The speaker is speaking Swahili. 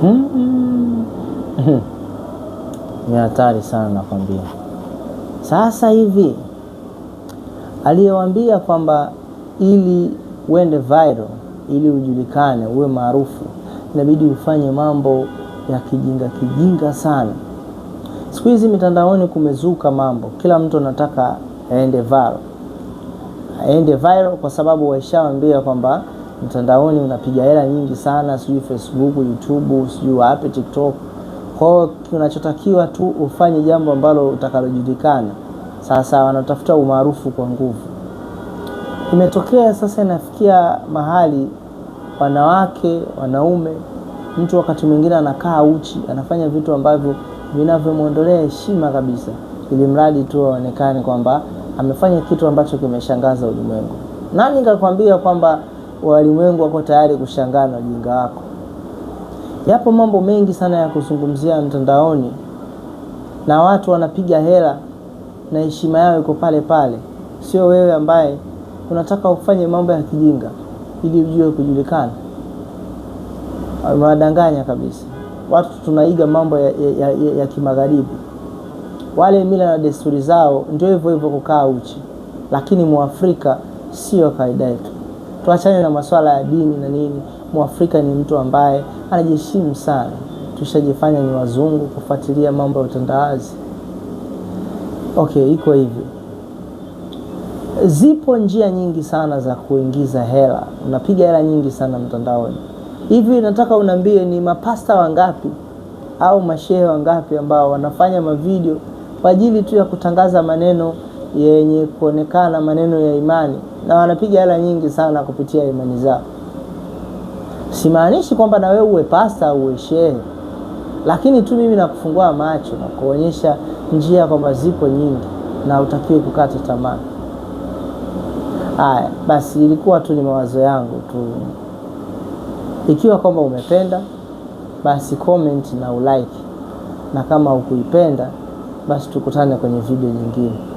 ni hatari sana nakwambia. Sasa hivi aliyewambia kwamba ili uende viral, ili ujulikane, uwe maarufu, inabidi ufanye mambo ya kijinga kijinga sana. Siku hizi mitandaoni kumezuka mambo, kila mtu anataka aende viral, aende viral kwa sababu waishawambia kwamba mtandaoni unapiga hela nyingi sana, sijui Facebook, YouTube, sijui wapi, TikTok. hiyo kinachotakiwa tu ufanye jambo ambalo utakalojulikana. Sasa wanatafuta umaarufu kwa nguvu. Imetokea sasa, inafikia mahali wanawake, wanaume, mtu wakati mwingine anakaa uchi, anafanya vitu ambavyo vinavyomwondolea heshima kabisa, ili mradi tu aonekane kwamba amefanya kitu ambacho kimeshangaza ulimwengu. Nani kakwambia kwamba walimwengu wako tayari kushangaa na ujinga wako. Yapo mambo mengi sana ya kuzungumzia mtandaoni, na watu wanapiga hela na heshima yao iko pale pale. Sio wewe ambaye unataka ufanye mambo ya kijinga ili ujue kujulikana. Wanadanganya kabisa watu. Tunaiga mambo ya, ya, ya, ya kimagharibi. Wale mila na desturi zao ndio hivyo hivyo, kukaa uchi, lakini Mwafrika sio kawaida yetu tuachane na masuala ya dini na nini. Mwafrika ni mtu ambaye anajiheshimu sana. Tushajifanya ni wazungu kufuatilia mambo ya utandawazi. Okay, iko hivyo Zipo njia nyingi sana za kuingiza hela, unapiga hela nyingi sana mtandaoni. Hivi nataka unaambie ni mapasta wangapi au mashehe wangapi ambao wanafanya mavideo kwa ajili tu ya kutangaza maneno yenye kuonekana maneno ya imani na wanapiga hela nyingi sana kupitia imani zao. Simaanishi kwamba na wewe uwe pasta uwe shehe, lakini tu mimi nakufungua macho na kuonyesha njia kwamba zipo nyingi na utakiwe kukata tamaa. Haya basi, ilikuwa tu ni mawazo yangu tu. Ikiwa kwamba umependa basi comment na ulike, na kama hukuipenda basi tukutane kwenye video nyingine.